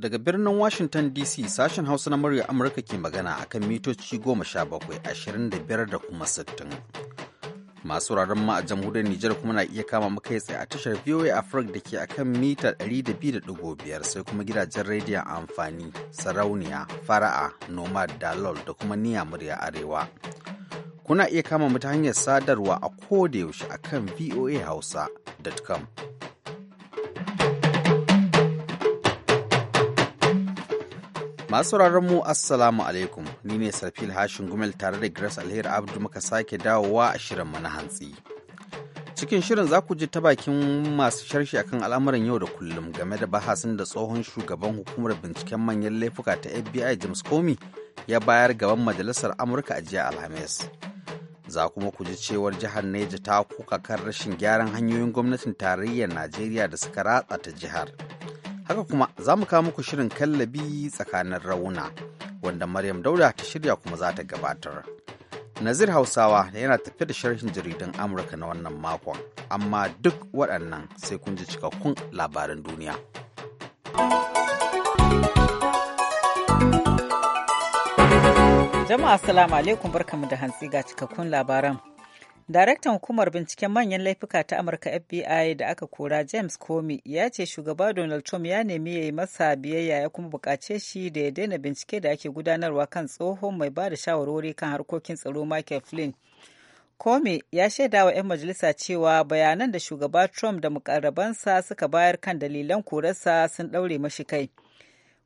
Daga birnin Washington DC sashen Hausa na murya Amurka ke magana a kan mitoci goma sha bakwai ashirin da biyar da kuma sittin. Masu wuraren ma a jamhuriyar Nijar kuma na iya kama maka tsaye a tashar VOA Africa da ke a kan mita 200.5 sai kuma gidajen rediyon amfani, sarauniya, fara'a, nomad, dalol da kuma niya murya arewa. Kuna iya kama mu hanyar sadarwa a kodayaushe a kan voahausa.com. Masu mu Assalamu alaikum, ni ne Safil Hashin Gumel tare da Grace Alheri Abdu muka sake dawowa a shirin na hantsi. Cikin shirin za ku ji ta bakin masu sharshi akan al'amuran yau da kullum game da bahasin da tsohon shugaban hukumar binciken manyan laifuka ta FBI James Comey ya bayar gaban Majalisar Amurka a jiya Alhamis. Za kuma ku ji cewar jihar Neja ta kuka kan rashin gyaran hanyoyin gwamnatin tarayyar Najeriya da suka ratsa ta jihar. haka kuma za mu kawo muku shirin kallabi tsakanin rauna wanda maryam dauda ta shirya kuma za ta gabatar nazir hausawa yana tafi da sharhin jaridan amurka na wannan makon amma duk waɗannan sai kun ji cikakkun labaran duniya jama'a assalamu alaikum barkamu da hantsi ga cikakkun labaran Daraktan hukumar binciken manyan laifuka ta Amurka FBI da aka kora James Comey ya ce shugaba Donald Trump ya nemi ya yi masa biyayya ya kuma bukace shi da ya daina bincike da ake gudanarwa kan tsohon mai ba da shawarwari kan harkokin tsaro Michael Flynn. Comey ya shaida wa 'yan majalisa cewa bayanan da shugaba Trump da mukarrabansa suka bayar kan dalilan korarsa sun ɗaure mashi kai.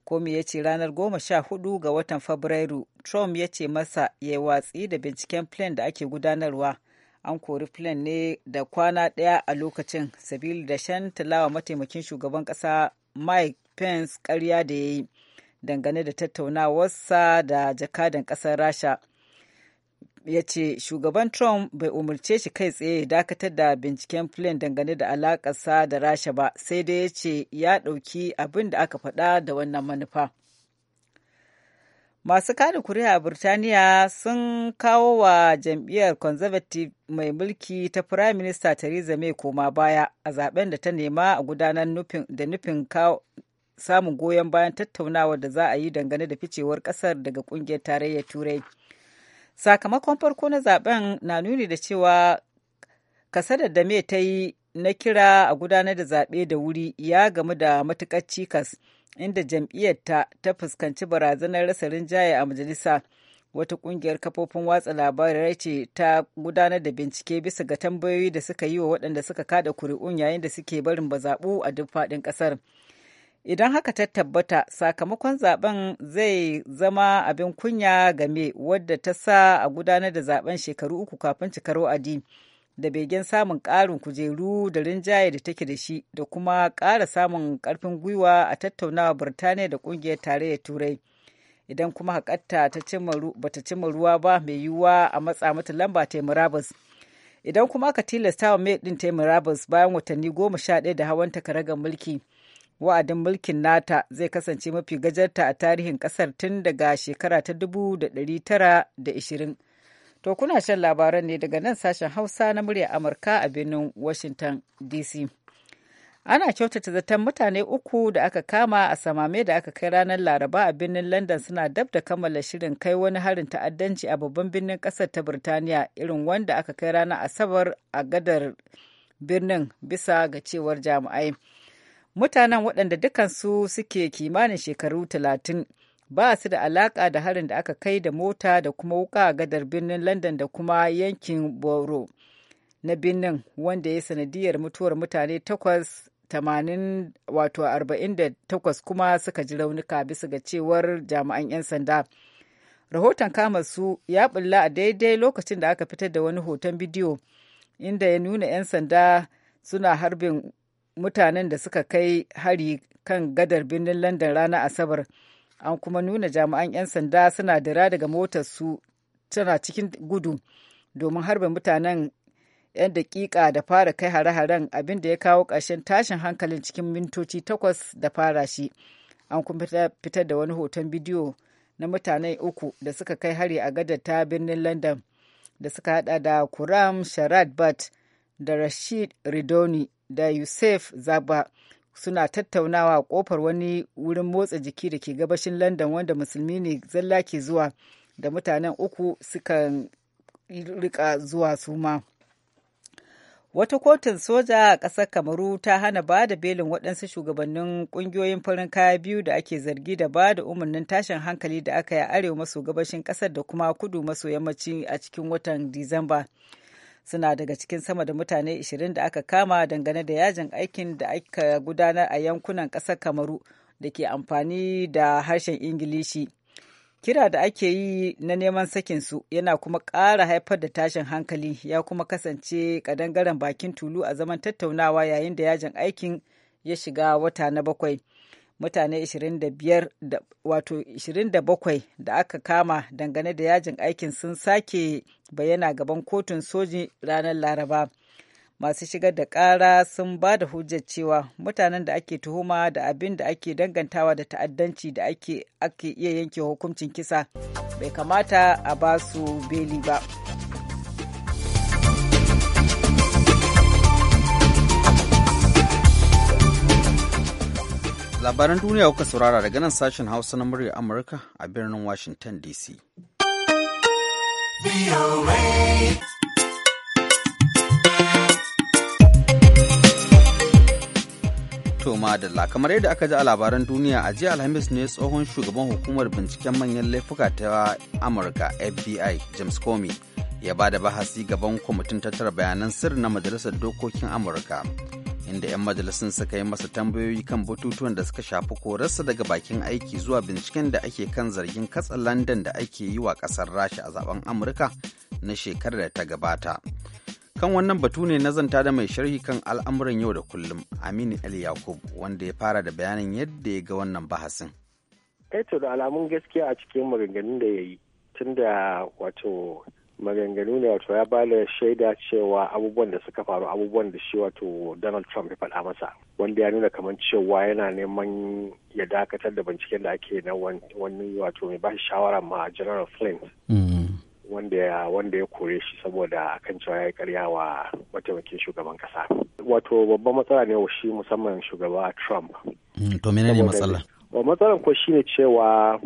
komi ya ce ranar goma sha hudu ga watan Fabrairu, Trump ya ce masa ya watsi da binciken Flynn da ake gudanarwa. an kori flynn ne da kwana ɗaya a lokacin sabili da shan talawa mataimakin shugaban ƙasa mike pence karya da ya yi dangane da tattaunawarsa da jakadan ƙasar rasha ya ce shugaban trump bai umarce shi kai tsaye ya dakatar da binciken flynn dangane da alakarsa da rasha ba sai dai ya ce ya ɗauki abin da aka faɗa da wannan manufa. masu kada kuri'a a burtaniya sun kawo wa jam'iyyar conservative mai mulki ta prime minister theresa may koma baya a zaben da ta nema a gudanar da nufin samun goyon bayan tattaunawar da za a yi dangane da ficewar kasar daga kungiyar tarayyar turai sakamakon farko na zaben na nuni da cewa kasadar da may ta yi na kira a gudanar da zaɓe da wuri ya gamu da matuƙar cikas inda jam'iyyarta ta fuskanci barazanar rasa rinjaye a majalisa wata ƙungiyar kafofin watsa labarai ce ta gudanar da bincike bisa ga tambayoyi da suka yi wa waɗanda suka kada kuri'un yayin da suke barin bazaɓu a duk faɗin ƙasar idan haka ta tabbata sakamakon zaben zai zama abin kunya game wadda ta sa a gudanar da zaben shekaru uku kafin cikar wa'adi. da begen samun ƙarin kujeru da rinjaye da take da shi da kuma ƙara samun ƙarfin gwiwa a tattaunawa Birtaniya da ƙungiyar tarayyar Turai. Idan kuma haƙatta ba ta cimma ruwa ba mai yiwuwa a matsa mata lamba ta murabus. Idan kuma aka tilasta wa mai ɗin ta murabus bayan watanni goma sha ɗaya da hawan takaragar mulki. Wa'adin mulkin nata zai kasance mafi gajarta a tarihin ƙasar tun daga shekara ta dubu da ɗari tara da ashirin? To kuna shan labaran ne daga nan sashen Hausa na murya Amurka a birnin Washington DC. Ana kyautata zaton mutane uku da aka kama a samame da aka kai ranar Laraba a birnin London suna dab da kammala shirin kai wani harin ta'addanci a babban birnin ƙasar ta Birtaniya irin wanda aka kai ranar Asabar a gadar birnin bisa ga cewar jami'ai. Mutanen waɗanda dukansu suke kimanin shekaru talatin. ba su da alaka da harin da aka kai da mota da kuma wuka a gadar birnin london da kuma yankin boro na birnin wanda ya sanadiyar mutuwar mutane takwas tamanin wato da takwas kuma suka ji raunuka bisa ga cewar jami'an 'yan sanda rahoton kama su ya bulla a daidai lokacin da aka fitar da wani hoton bidiyo inda ya nuna 'yan sanda suna harbin mutanen da suka kai hari kan gadar birnin london ranar asabar an kuma nuna jami'an 'yan sanda suna dira daga motar su tana cikin gudu domin harba mutanen 'yan daƙiƙa da fara kai hare-haren abin da ya kawo ƙarshen tashin hankalin cikin mintoci takwas da fara shi an kuma fitar da wani hoton bidiyo na mutane uku da suka kai hari a gadar ta birnin london da suka hada da kuram sharad bat da rashid ridoni da yusuf zaba suna tattaunawa a kofar wani wurin motsa jiki da ke gabashin london wanda musulmi ne zalla ke zuwa da mutanen uku suka rika zuwa suma wata kotun soja a ƙasar kamaru ta hana ba da belin waɗansu shugabannin ƙungiyoyin farin kaya biyu da ake zargi da ba da umarnin tashin hankali da aka yi a arewa maso gabashin ƙasar da kuma kudu maso yammaci a cikin watan disamba suna daga cikin sama da mutane 20 da aka kama dangane da yajin aikin da aka gudanar a yankunan ƙasar kamaru da ke amfani da harshen ingilishi kira da ake yi na neman sakinsu yana kuma ƙara haifar da tashin hankali ya kuma kasance kadangaren bakin tulu a zaman tattaunawa yayin da yajin aikin ya shiga wata na bakwai mutane 27 da aka kama dangane da yajin aikin sun sake bayyana gaban kotun soji ranar laraba masu shigar da kara sun ba da hujjar cewa mutanen da ake tuhuma da abin da ake dangantawa da ta'addanci da ake iya yanke hukuncin kisa bai kamata a basu beli ba. Labaran duniya kuka saurara daga nan sashen Hausa na murya Amurka a birnin Washington DC. da la kamar yadda aka ji a labaran duniya a jiya Alhamis ne tsohon shugaban hukumar binciken manyan laifuka ta Amurka FBI James Comey ya ba da bahasi gaban kwamitin tattara bayanan sirri na Majalisar Dokokin Amurka. inda 'yan majalisun suka yi masa tambayoyi kan batutuwan da suka shafi korarsa daga bakin aiki zuwa binciken da ake kan zargin katsa landan da ake yi wa kasar rasha a zaben amurka na shekarar da ta gabata kan wannan batu ne na zanta da mai sharhi kan al'amuran yau da kullum aminu el yakub wanda ya fara da bayanin yadda ya ga wannan bahasin eh to da alamun gaskiya a cikin maganganun da ya yi da wato maganganu ne wato ya bada shaida cewa abubuwan da suka faru abubuwan da shi wato donald trump ya faɗa masa wanda ya nuna kamar cewa yana neman ya dakatar da binciken da ake na wani wato mai bashi shawara ma general flint mm. wanda ya wanda ya kore shi saboda kan cewa ya karya wa mataimakin shugaban kasa wato babban matsala ne wa shi musamman shugaba trump mm, to menene matsala matsalan ko shine cewa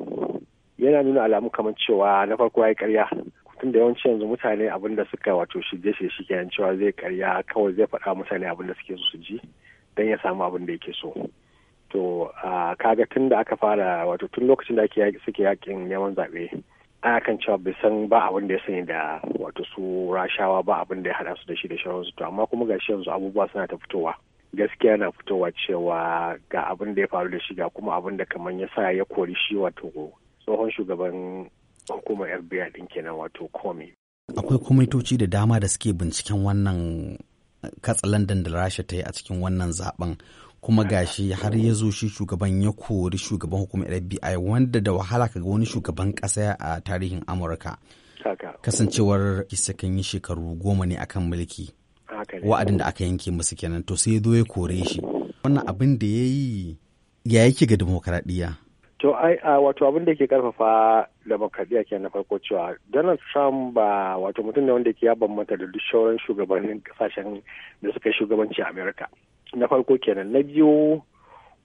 yana nuna alamu kamar cewa na farko ya yi karya da yawanci yanzu mutane abin da suka wato shige shi shi kenan cewa zai karya kawai zai faɗa mutane abin da suke so su ji dan ya samu abin da yake so to kaga tun da aka fara wato tun lokacin da ake suke yakin neman zaɓe ana kan cewa bai san ba abin da ya sani da wato su rashawa ba abin da ya haɗa su da shi da su to amma kuma gashi yanzu abubuwa suna ta fitowa gaskiya na fitowa cewa ga abin da ya faru da shi ga kuma abin da kamar ya sa ya kori shi wato tsohon shugaban hukumar FBI din kenan wato komi. Akwai kwamitoci da dama da suke binciken wannan eh, katsalandan da Rasha ta yi a cikin wannan zaben kuma gashi har ya zo shi shugaban ya kori shugaban hukumar FBI wanda da wahala kaga wani shugaban ƙasa a tarihin Amurka. Kasancewar kan yi shekaru goma ne akan mulki. Wa'adin da aka yanke musu kenan to sai ya zo ya kore shi. Wannan abin da ya yi ya yake ga dimokuraɗiyya. To ai a wato abin da ke karfafa demokradiya ke na farko cewa Donald Trump ba wato mutum ne wanda ke ya bambanta da duk sauran shugabannin kasashen da suka shugabanci a Na farko kenan na biyu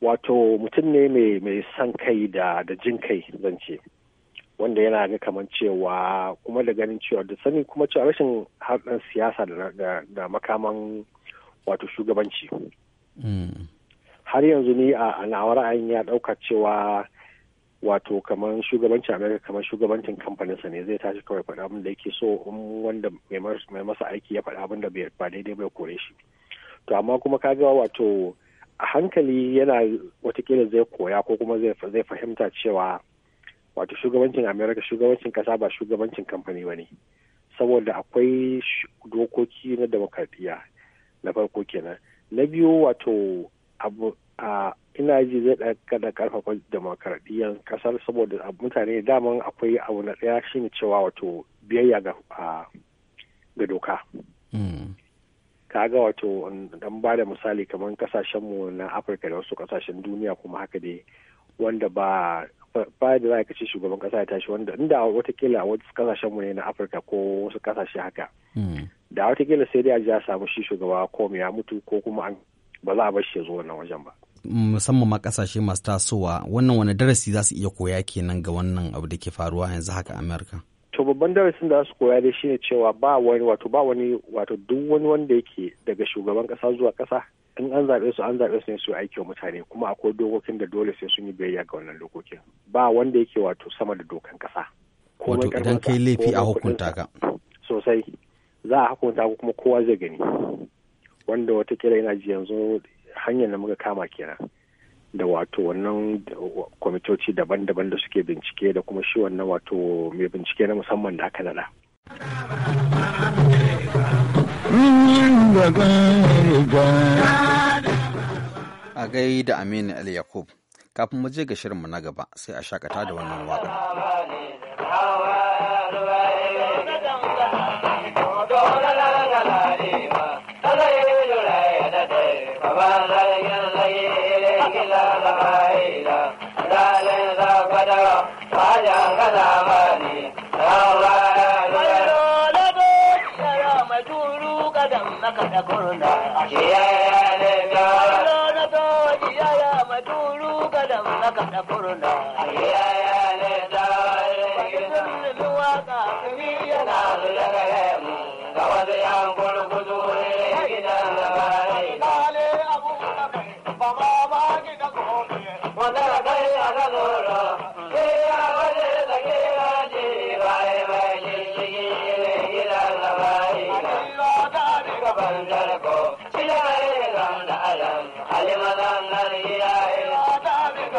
wato mutum ne mai san kai da jin kai zan ce wanda yana ga kamar cewa kuma da ganin cewa da sani kuma cewa rashin harɗin siyasa da makaman wato shugabanci. Mm. Har yanzu ni a na'awar ra'ayin ya ɗauka cewa wato kamar shugabancin america kamar shugabancin sa ne zai tashi kawai faɗa abin da yake so in wanda mai masa aiki ya faɗa abin da ba daidai bai kore shi to amma kuma ka ga wato a hankali yana watakila zai koya ko kuma zai fahimta cewa wato shugabancin america shugabancin kasa ba shugabancin kamfani ba ne saboda akwai dokoki na demokradiyya na farko kenan na biyu wato abu a ina ji zai da karfafa demokaradiyyar kasar saboda mutane daman akwai abu na ɗaya shine cewa wato biyayya ga ga doka hmm. kaga wato dan ba da misali kamar mu na afirka da wasu kasashen duniya kuma haka dai wanda ba ba da za ka ce shugaban kasa ya tashi wanda inda watakila wasu mu ne na afirka ko wasu kasashe haka hmm. da watakila sai dai a ji a samu shi shugaba ko ya mutu ko kuma an ba za a bar shi ya zo wannan wajen ba musamman ma kasashe masu tasowa wannan wani darasi za su iya koya kenan ga wannan abu da ke faruwa yanzu haka amerika to babban darasin da za su koya dai shine cewa ba wani wato ba wani wato duk wani wanda yake daga shugaban kasa zuwa kasa in an zaɓe su an zaɓe su ne su aiki wa mutane kuma akwai dokokin da dole sai sun yi biyayya ga wannan dokokin ba wanda yake wato sama da dokan kasa wato idan kai laifi a hukunta ka sosai za a hukunta kuma kowa zai gani wanda watakila yana ji yanzu hanyar da muka kama kenan da wato wannan kwamitoci daban-daban da suke bincike da kuma shi wannan wato mai bincike na musamman da aka nada. A gai da Aminu al Yakub, kafin mu je ga shirin mu na gaba sai a shakata da wannan waƙar. kadam naka da kurna ashiya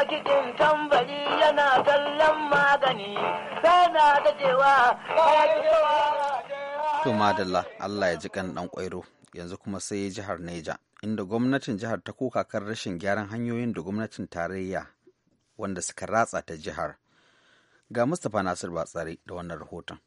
ta cikin tambari yana kallon magani sana ta cewa To madalla Allah ya ji kan dan kwairo yanzu kuma sai jihar Neja inda gwamnatin jihar ta koka kan rashin gyaran hanyoyin da gwamnatin tarayya wanda suka ratsa ta jihar. Ga Mustapha Nasir Batsari da wannan rahoton.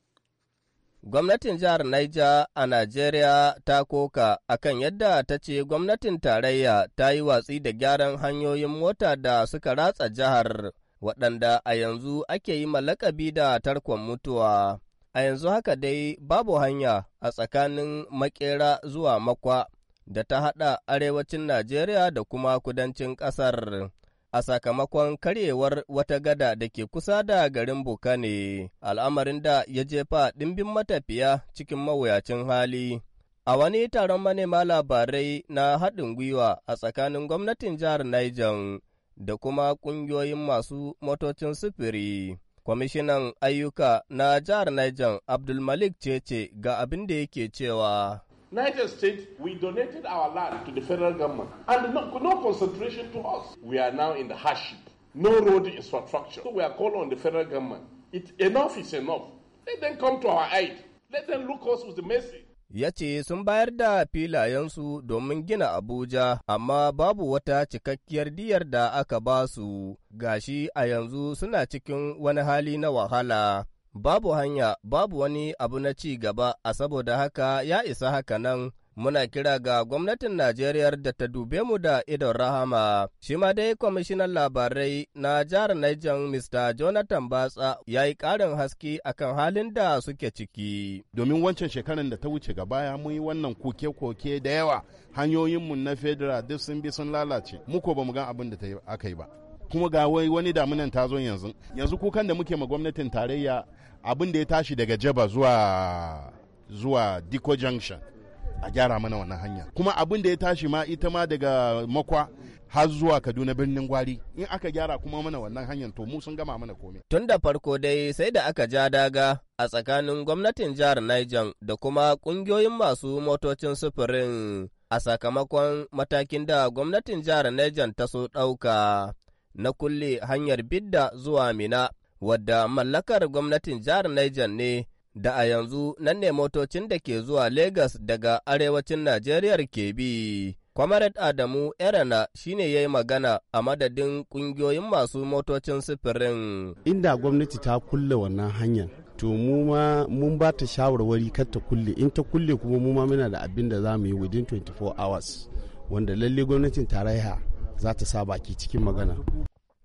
Gwamnatin jihar Niger a Najeriya ta koka akan yadda ta ce gwamnatin tarayya ta yi watsi da gyaran hanyoyin mota da suka ratsa jihar waɗanda a yanzu ake yi malakabi da tarkon mutuwa. A yanzu haka dai babu hanya a tsakanin makera zuwa makwa da ta haɗa arewacin Najeriya da kuma kudancin ƙasar. a sakamakon karyewar wata gada da ke kusa da garin Bukane, al'amarin da ya jefa ɗimbin matafiya cikin mawuyacin hali. A wani taron manema labarai na haɗin gwiwa a tsakanin gwamnatin jihar Niger da kuma ƙungiyoyin masu motocin sufuri. Kwamishinan ayyuka na jihar Niger Abdulmalik Cece ga abin da yake cewa. United States, we donated our land to the federal government and no, no concentration to us. We are now in the hardship. No road infrastructure. So we are calling on the federal government. It, enough is enough. Let them come to our aid. Let them look us with the mercy. ya ce sun bayar da filayensu domin gina Abuja, amma babu wata cikakkiyar diyar da aka ba su, gashi a yanzu suna cikin wani hali na wahala. babu hanya babu wani abu na ci gaba a saboda haka ya isa haka nan muna kira ga gwamnatin Najeriya da ta dube mu da idon rahama. Shi ma dai kwamishinan labarai na jihar Niger Mr. Jonathan Batsa ya yi karin haske akan halin da suke ciki. Domin wancan shekaran da ta wuce ga baya mun yi wannan koke-koke da yawa hanyoyinmu na federal duk sun bi sun lalace muko ba mu gan abin da aka yi ba. kuma ga wani damunan ta zo yanzu yanzu kukan da muke ma gwamnatin tarayya abin da ya tashi daga jaba zuwa zuwa diko junction a gyara mana wannan hanya kuma abin da ya tashi ma ita ma daga makwa har zuwa kaduna birnin gwari in aka gyara kuma mana wannan hanyar to mu sun gama mana komai tun da farko dai sai da aka ja daga a tsakanin gwamnatin jihar niger da kuma kungiyoyin masu motocin sufurin a sakamakon matakin da gwamnatin jihar niger ta so ɗauka na kulle hanyar Bidda zuwa Mina, wadda mallakar gwamnatin jihar Niger ne da a yanzu nan ne motocin da ke zuwa Legas daga arewacin Najeriya ke bi. Kwamarat Adamu Erana shine ya yi magana a madadin ƙungiyoyin masu motocin sufurin. Inda gwamnati ta kulle wannan hanyar, to mu ma mun ba ta shawarwari kar ta kulle, in ta kulle kuma mu ma muna da abin da za mu yi within 24 hours, wanda lalle gwamnatin tarayya za ta sa baki cikin magana.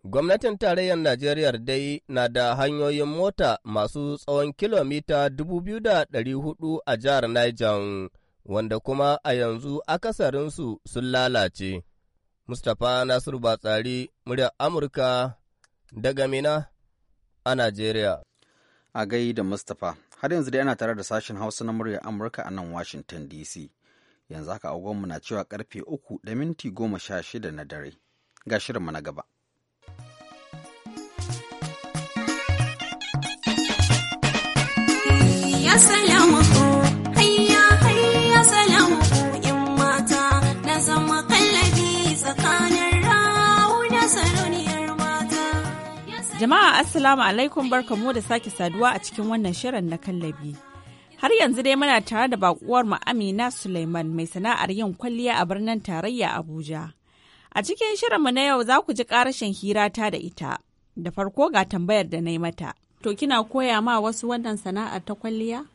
Gwamnatin tarayyar Najeriya dai na da hanyoyin mota masu tsawon kilomita 2,400 a jihar Niger, wanda kuma a yanzu akasarinsu sun lalace. Mustapha Nasiru Batsari, muryar Amurka daga Mina a Najeriya. A gai da Mustapha, har yanzu dai ana tare da sashen Hausa na muryar Amurka a nan Washington DC. yanzu haka agogonmu na cewa karfe uku da minti goma sha shida na dare ga shirinmu na gaba mata na zama kalabi tsakanin jama'a assalamu alaikum barkamu da sake saduwa a cikin wannan shirin na kallabi Har yanzu dai muna tare da bakuwar mu Amina Suleiman mai sana'ar yin kwalliya a birnin tarayya Abuja. A cikin shirinmu na yau za ku ji hira ta da ita. Da farko ga tambayar da na yi mata. To kina koya ma wasu wannan sana'ar ta kwalliya?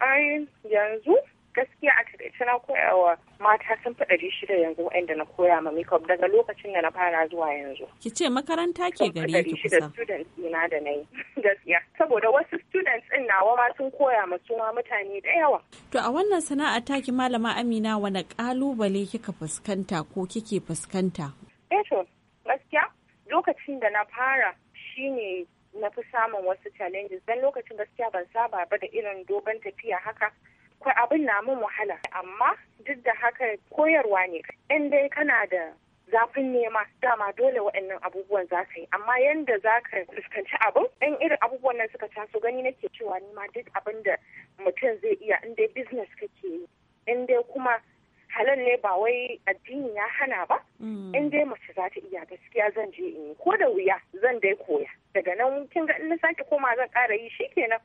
Ai yanzu gaskiya a takaice na koya mata sun fi ɗari shida yanzu waɗanda na koya ma makeup daga lokacin da na fara zuwa yanzu. Ki ce makaranta ke gari ki kusa. students ina da na gaskiya saboda wasu students ɗin nawa ma sun koya ma suma mutane da yawa. To a wannan sana'a taki malama Amina wani ƙalubale kika fuskanta ko kike fuskanta? Eh to gaskiya lokacin da na fara shine na fi samun wasu challenges don lokacin gaskiya ban saba ba da irin dogon tafiya haka ko abin na mun wahala amma duk da haka koyarwa ne in dai kana da zafin nema dama dole waɗannan abubuwan za ka yi amma yanda za ka fuskanci abin in irin abubuwan nan suka taso gani nake cewa ni ma duk abin da mutum zai iya in dai business kake yi in dai kuma halal ne ba wai addini ya hana ba mm. in dai mace za ta iya gaskiya zan je in yi ko da wuya zan dai koya daga nan kin ga in na sake koma zan kara yi shikenan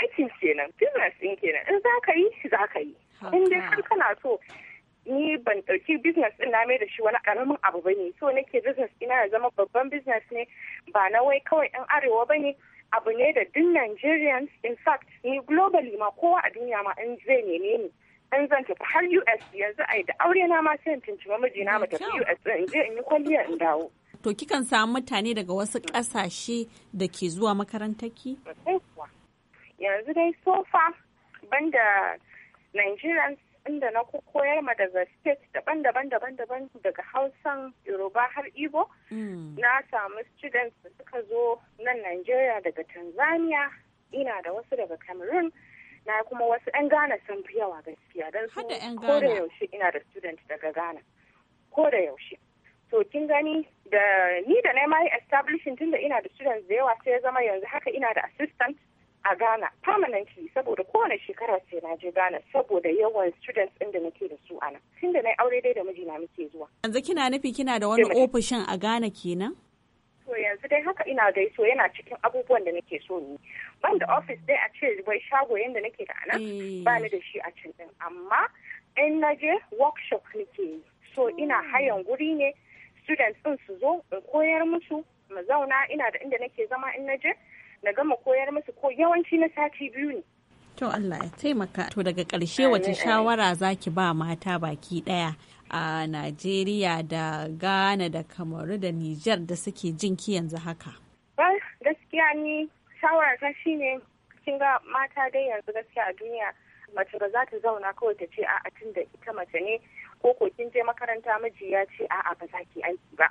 aikin kenan business din kenan in za ka yi za ka yi in dai kan kana so ni ban ɗauki business ɗin na mai da shi wani ƙaramin abu ba ne so nake business ina ya zama babban business ne ba na wai kawai ɗan arewa ba ne abu ne da duk Nigerians in fact ni globally ma kowa a duniya ma in zai neme ni in zan tafi har US yanzu a da aure na ma sai in tuntuma mijina mu tafi US in je in yi kwalliya in dawo. To kikan samu mutane daga wasu ƙasashe da ke zuwa makarantarki? yanzu dai sofa banda nigerians inda na koyar ma daga state daban-daban daban-daban daga hausan yoruba har igbo hmm. na samu students da suka zo nan nigeria daga tanzania ina da wasu daga cameroon na kuma wasu 'yan ghana sun fi yawa gaskiya don su ko da yaushe ina da student daga ghana ko da yaushe to kin gani da ni da na ma yi establishing tunda ina da students da yawa sai ya zama yanzu haka ina da assistant a Ghana permanently saboda kowane shekara sai na je Ghana saboda yawan students ɗin da nake da su a nan. Tun da na aure dai da mijina muke zuwa. Yanzu kina nufi kina da wani ofishin a Ghana kenan? To yanzu dai haka ina dai so yana cikin abubuwan da nake so ni. Ban da office dai a ce wai shago yanda nake da anan eh. ba ni da shi a can din amma in na je workshop nake yi. So hmm. ina hayan guri ne students ɗin su zo in koyar musu mu zauna ina da inda nake zama in na je na gama koyar musu ko yawanci na sati biyu ne to Allah ya taimaka to daga karshe wace shawara zaki ba mata baki ɗaya a Najeriya da Ghana da Kamaru da Nijar da suke jinki yanzu haka gaskiya ni shawara ta shi kin ga mata dai yanzu gaskiya a duniya mace ba za ta zauna kawai ta ce a'a tun da ita mace ne ko ko kin je makaranta miji ya ce a'a ba za ki aiki ba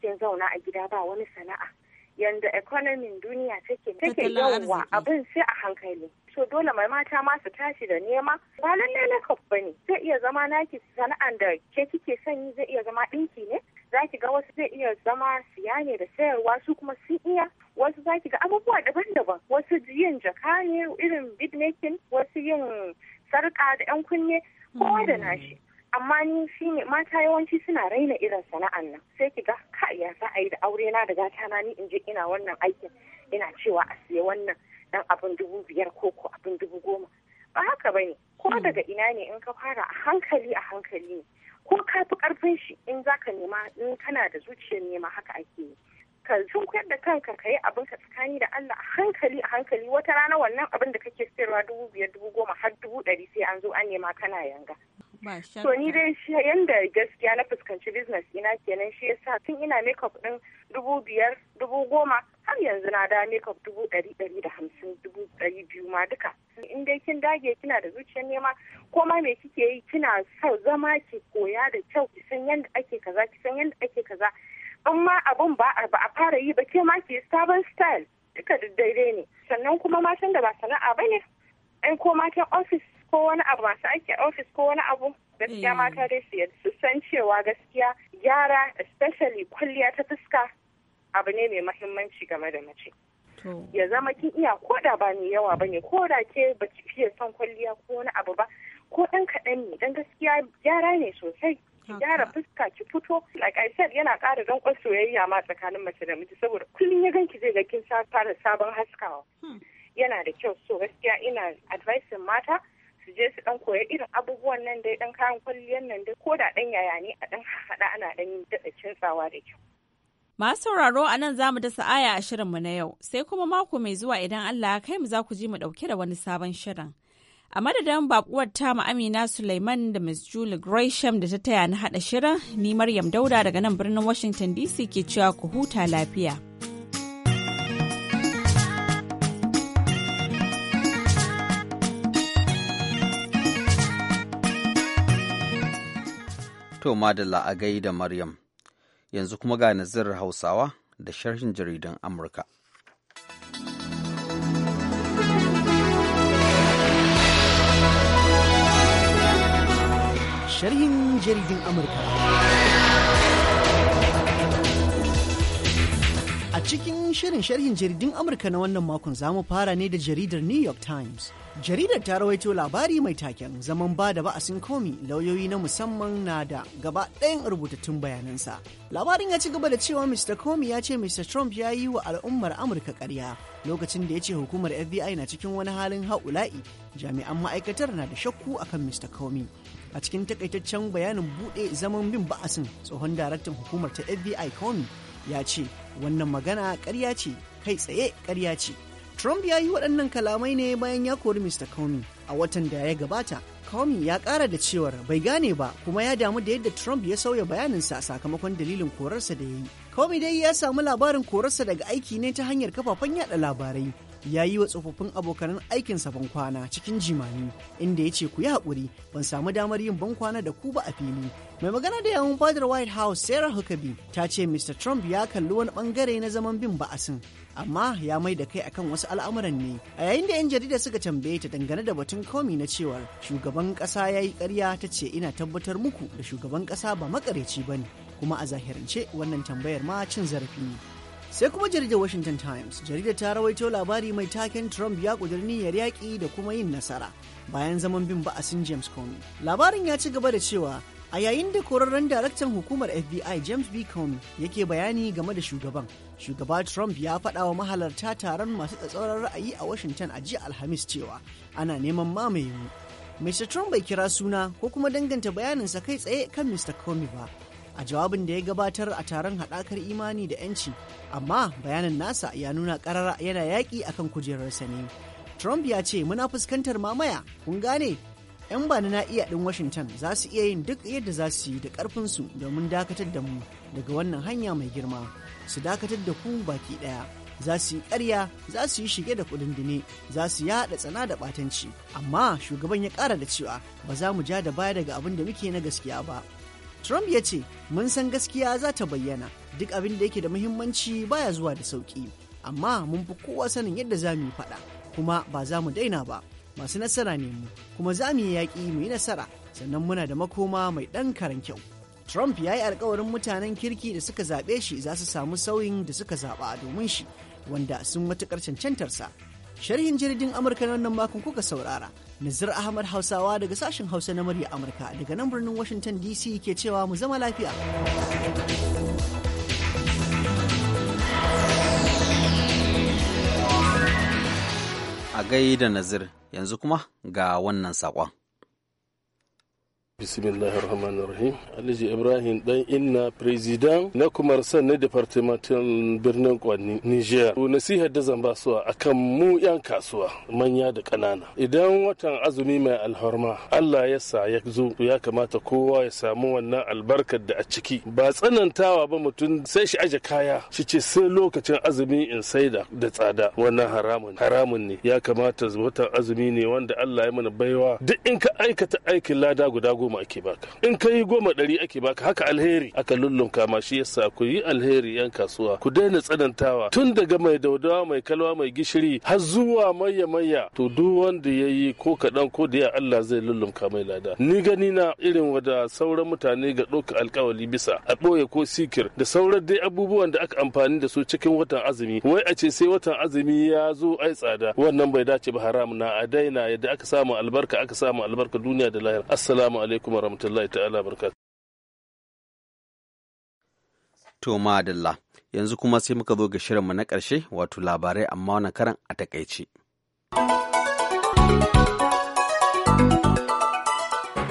kin zauna a gida ba wani sana'a yanda economy duniya take take yawwa abin sai a hankali so dole mai mata ma su tashi da nema ba lallai lakab bane zai iya zama naki sana'an da ke kike sanyi zai iya zama dinki ne zaki ga wasu zai iya zama siya ne da sayarwa su kuma su iya wasu za ga abubuwa daban-daban wasu yin jaka ne irin bidmaking wasu yin sarka da yan kunne kowa da hmm. nashi amma ni shi ne mata yawanci suna raina irin sana'an nan sai ki ga ka ya za a yi da aure na da gata na ni in je ina wannan aikin ina cewa a siya wannan dan abin dubu biyar ko ko abin dubu goma ba haka ba ne ko hmm. daga ina ne in ka fara a hankali a hankali ne ko ka fi karfin shi in za ka nema in kana da zuciyar nema haka ake yi ka sunkuyar da kanka ka yi abin ka tsakani da Allah a hankali a hankali wata rana wannan abin da kake sayarwa dubu biyar dubu goma har dubu ɗari sai an zo an nema kana yanga To ni dai yanda gaskiya na fuskanci business ina kenan shi yasa tun ina makeup din dubu biyar dubu goma har yanzu na da makeup dubu ɗari ɗari da hamsin dubu ɗari biyu ma duka. In dai kin dage kina da zuciyar nema ko ma me kike yi kina son zama ki koya da kyau ki san yanda ake kaza ki san yanda ake kaza. In ma abun ba a fara yi ba ke ma ki sabon style duka daidai ne sannan kuma matan da ba sana'a ba ne. ko matan office ko wani abu masu aiki a ofis ko wani abu gaskiya mm. mata dai su san cewa gaskiya gyara especially kwalliya ta fuska abu ne mai mahimmanci game da mace. Ya zama kin iya ko da ba ni yawa ba ne ko da ke ba ki fiye son kwalliya ko wani abu ba ko ɗan kaɗan ne dan gaskiya yara ne sosai. Ki gyara fuska ki fito like I said yana ƙara danƙon soyayya ma tsakanin mace da miji saboda kullum ya ganki zai ga kin fara sabon haskawa. Hmm. Yana da kyau so gaskiya ina advising mata su je su dan koya irin abubuwan nan dai dan kayan kwalliyar nan dai ko da dan yaya ne a dan haɗa ana dan dada cintsawa da kyau. Masu sauraro a nan za mu dasa aya a shirinmu na yau, sai kuma mako mai zuwa idan Allah ya kai mu za ku ji mu ɗauke da wani sabon shirin. A madadin bakuwar ta Amina suleiman da Ms. Julie Gresham da ta taya na haɗa shirin, ni Maryam Dauda daga nan birnin Washington DC ke cewa ku huta lafiya. To madalla a gai da Maryam. Yanzu kuma ga nazir Hausawa da sharhin jaridan Amurka. Sharhin jaridan Amurka. cikin shirin sharhin jaridun Amurka na wannan makon za mu fara ne da jaridar New York Times. Jaridar ta rawaito labari mai taken zaman ba da ba'asin komi lauyoyi na musamman na da gaba ɗayan rubutattun bayanansa. Labarin ya ci gaba da cewa Mr. Comey ya ce Mr. Trump ya yi wa al'ummar Amurka karya. lokacin da ya ce hukumar FBI na cikin wani halin haula'i jami'an ma'aikatar na da shakku akan Mr. Comey. A cikin takaitaccen bayanin buɗe zaman bin ba'asin tsohon daraktan hukumar ta FBI Comey ya ce wannan magana ƙarya ce kai tsaye ƙarya ce trump ya yi waɗannan kalamai ne bayan ya kori mr comey a watan da ya gabata comey ya ƙara da cewar bai gane ba kuma ya damu da yadda trump ya sauya bayaninsa sakamakon dalilin korarsa da ya yi comey dai ya samu labarin korarsa daga aiki ne ta hanyar kafafen yada labarai ya yi wa tsofaffin abokanan aikin aikinsa kwana cikin jimami inda ya ce ku yi haƙuri ban samu damar yin bankwana da ku ba a fili mai magana da yawun fadar white house sarah huckabee ta ce mr trump ya kalli wani bangare na zaman bin ba'asin amma ya mai da kai akan wasu al'amuran ne a yayin da 'yan jarida suka tambaye ta dangane da batun komi na cewar shugaban kasa ya yi karya ta ce ina tabbatar muku da shugaban kasa ba makareci ba ne kuma a zahirance wannan tambayar ma cin zarafi ne sai kuma jaridar washington times jaridar ta rawaito labari mai taken trump ya ƙudiri niyyar yaƙi da kuma yin nasara bayan zaman bin ba'asin james comey labarin ya ci gaba da cewa a yayin da korarren daraktan hukumar fbi james b comey yake bayani game da shugaban shugaba trump ya faɗa wa mahalarta taron masu tsatsauran ra'ayi a washington a jiya alhamis cewa ana neman mamaye mu mr trump bai kira suna ko kuma danganta bayaninsa kai tsaye kan mr comey ba a jawabin da ya gabatar a taron haɗakar imani da 'yanci amma bayanin nasa ya nuna ƙarara yana yaƙi akan kujerarsa ne trump ya ce muna fuskantar mamaya kun gane 'yan bani na iya ɗin washington za su iya yin duk yadda za su yi da ƙarfinsu domin dakatar da mu daga wannan hanya mai girma su dakatar da ku baki ɗaya za su yi ƙarya za su yi shige da kudin dine za su yaɗa tsana da ɓatanci amma shugaban ya ƙara da cewa ba za mu ja da baya daga abin da muke na gaskiya ba Trump ya ce, "Mun san gaskiya za ta bayyana, duk abin da yake da muhimmanci baya zuwa da sauƙi, amma mun fi kowa sanin yadda za mu yi faɗa, kuma ba za mu daina ba, masu nasara ne mu, kuma za mu yi yaƙi mu yi nasara, sannan muna da makoma mai ɗan karan kyau." Trump ya yi alkawarin mutanen kirki da suka zaɓe shi za su samu sauyin da suka zaɓa domin shi, wanda sun matuƙar cancantarsa. Sharhin jirgin Amurka na wannan makon kuka saurara. Nazir Ahmad Hausawa daga sashen Hausa na murya Amurka daga nan birnin Washington DC ke cewa mu zama lafiya. A gaida Nazir yanzu kuma ga wannan saƙon. bismillahir rahmanir rahim alhaji ibrahim dan inna president na kumarsan na departamentin birnin kwanni niger nasihar da zan suwa akan mu yan kasuwa manya da ƙanana idan watan azumi mai alhorma allah ya sa ya zo ya kamata kowa ya samu wannan albarkar da a ciki ba tsanantawa ba mutum sai shi aje kaya shi ce sai lokacin azumi in saida da tsada wannan haramun haramun ne ya kamata watan azumi ne wanda allah ya mana baiwa duk in ka aikata aikin lada guda goma goma ake baka in ka yi goma ɗari ake baka haka alheri aka lullunka ma shi yasa ku yi alheri yan kasuwa ku daina tsanantawa tun daga mai daudawa mai kalwa mai gishiri har zuwa maya maya to duk wanda ya yi ko kaɗan ko da ya Allah zai lullunka mai lada ni gani na irin wada sauran mutane ga ɗauka alkawali bisa a ɓoye ko sikir da sauran dai abubuwan da aka amfani da su cikin watan azumi wai a ce sai watan azumi ya zo ai tsada wannan bai dace ba haram na a daina yadda aka samu albarka aka samu albarka duniya da lahira assalamu alaikum alaikum warahmatullahi ta'ala To madalla yanzu kuma sai muka zo ga shirinmu na ƙarshe wato labarai amma wani karan a takaice.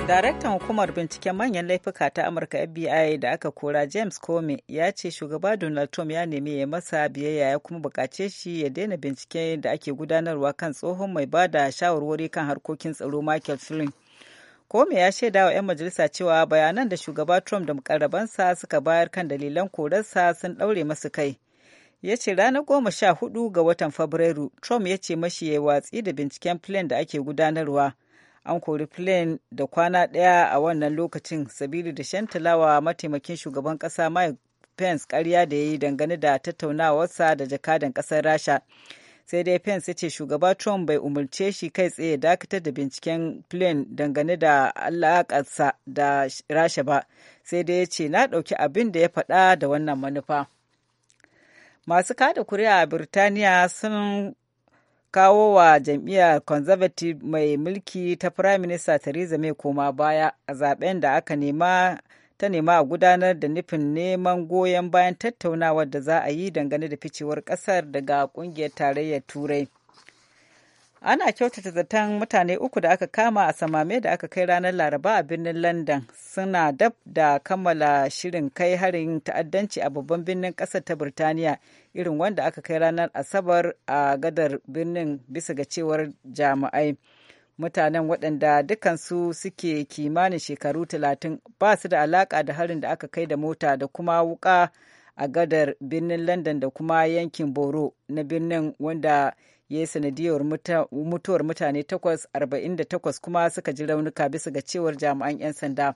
Daraktan hukumar binciken manyan laifuka ta Amurka FBI da aka kora James Comey ya ce shugaba Donald Trump ya nemi ya masa biyayya ya kuma bukace shi ya daina binciken da ake gudanarwa kan tsohon mai ba da shawarwari kan harkokin tsaro Michael Flynn. Kome ya shaida wa 'yan majalisa cewa bayanan da shugaba Trump da mukarrabansa suka bayar kan dalilan korarsa sun ɗaure masu kai. Ya ce ranar goma sha hudu ga watan Fabrairu, Trump ya ce mashi ya watsi da binciken plane da ake gudanarwa. An kori plane da kwana ɗaya a wannan lokacin sabili da shantalawa mataimakin shugaban ƙasa Mike Pence karya da ya yi dangane da tattaunawarsa da jakadan ƙasar Rasha. sai dai pence ya ce shugaba trump bai umarce shi kai tsaye dakatar da binciken flynn dangane da alakarsa da rasha ba sai dai ya ce na ɗauki abin da ya faɗa da wannan manufa masu kada kuri'a a birtaniya sun kawo wa jam'iyyar conservative mai mulki ta prime minister theresa may koma baya a zaben da aka nema ta nema a gudanar da nufin neman goyon bayan tattaunawar da za a yi dangane da ficewar ƙasar daga ƙungiyar tarayyar turai ana kyautata zaton mutane uku da aka kama a samame da aka kai ranar laraba a birnin london suna dab da kammala shirin kai harin ta'addanci a babban birnin kasar ta birtaniya irin wanda aka kai ranar asabar a gadar birnin bisa ga cewar jami'ai mutanen waɗanda dukansu suke kimanin shekaru talatin ba su da alaƙa da harin da aka kai da mota da kuma wuƙa a gadar birnin london da kuma yankin boro na birnin wanda ya yi sanadiyar mutuwar mutane takwas arba'in da takwas kuma suka ji raunuka bisa ga cewar jami'an 'yan sanda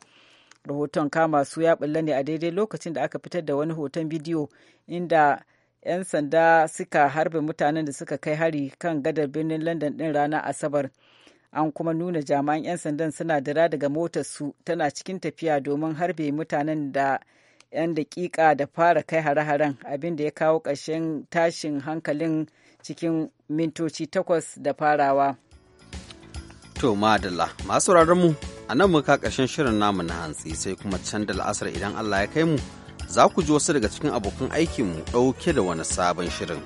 rahoton kama su ya bulla ne a daidai lokacin da aka fitar da wani hoton bidiyo inda 'yan sanda suka harbe mutanen da suka kai hari kan gadar birnin london din ranar asabar an kuma nuna jami'an 'yan sandan suna dira daga motar su tana cikin tafiya domin harbe mutanen da 'yan dakika da fara kai hare-haren abin da ya kawo ƙarshen tashin hankalin cikin mintoci takwas da farawa. To madalla masu mu a nan muka ƙarshen shirin namu na hantsi sai kuma can da la'asar idan Allah ya kai mu za ku ji wasu daga cikin abokan aikinmu ɗauke da wani sabon shirin.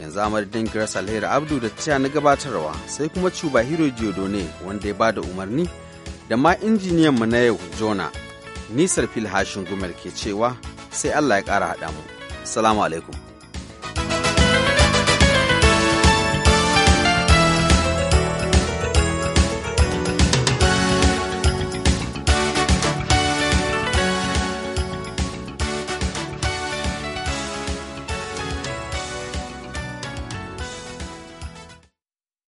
yanzu amadadin grace alheri abdu da ta na gabatarwa sai kuma cuba hero ne wanda ya bada umarni da ma injiniyan mu na yau jona nisar fil hashin gumel ke cewa sai allah ya kara haɗa mu salamu alaikum